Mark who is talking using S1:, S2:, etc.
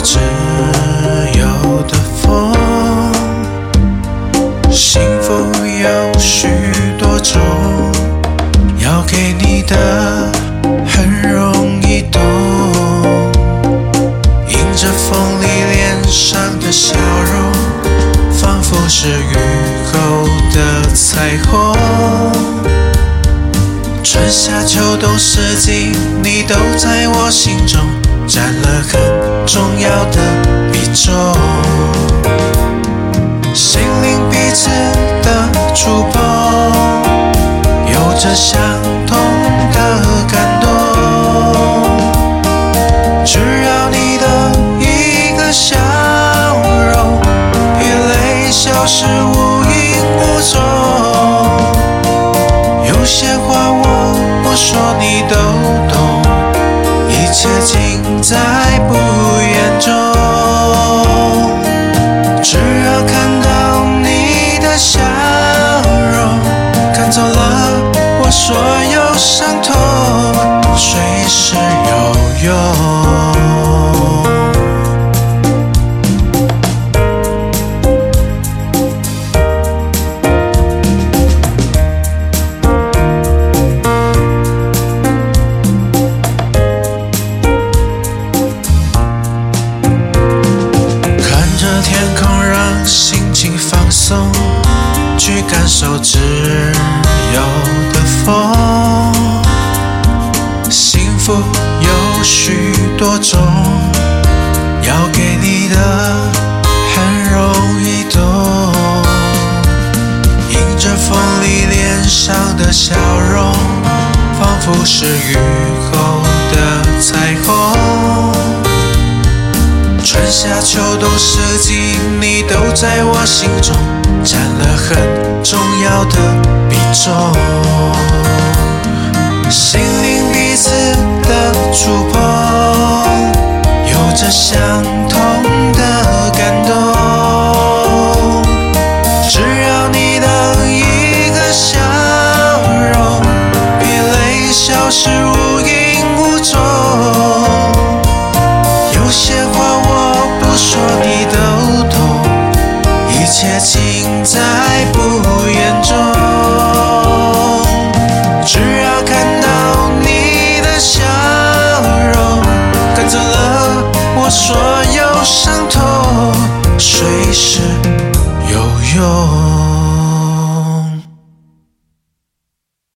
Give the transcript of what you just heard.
S1: 自由的風，幸福有許多種，要給你的很容易懂。迎着風，你臉上的笑容，仿佛是雨後的彩虹。春夏秋冬四季，你都在我心中。佔了很重要的比重，心靈彼此的觸碰，有着相同的感動。只要你的一個笑容，疲累消失無影無蹤。有些話我不說你都懂，一切盡。所有傷痛，隨時有用。看着天空，讓心情放鬆。去感受自由的風，幸福有許多種，要給你的很容易懂。迎着風，你臉上的笑容，仿佛是雨後的彩虹。春夏秋冬四季，你都在我心中占了很。重要的比重，心靈彼此的觸碰，有着相同的感動。只要你的一個笑容，疲累消失無影無蹤。有些話我不說，你都懂。一切盡在。我所有傷痛，隨時有用。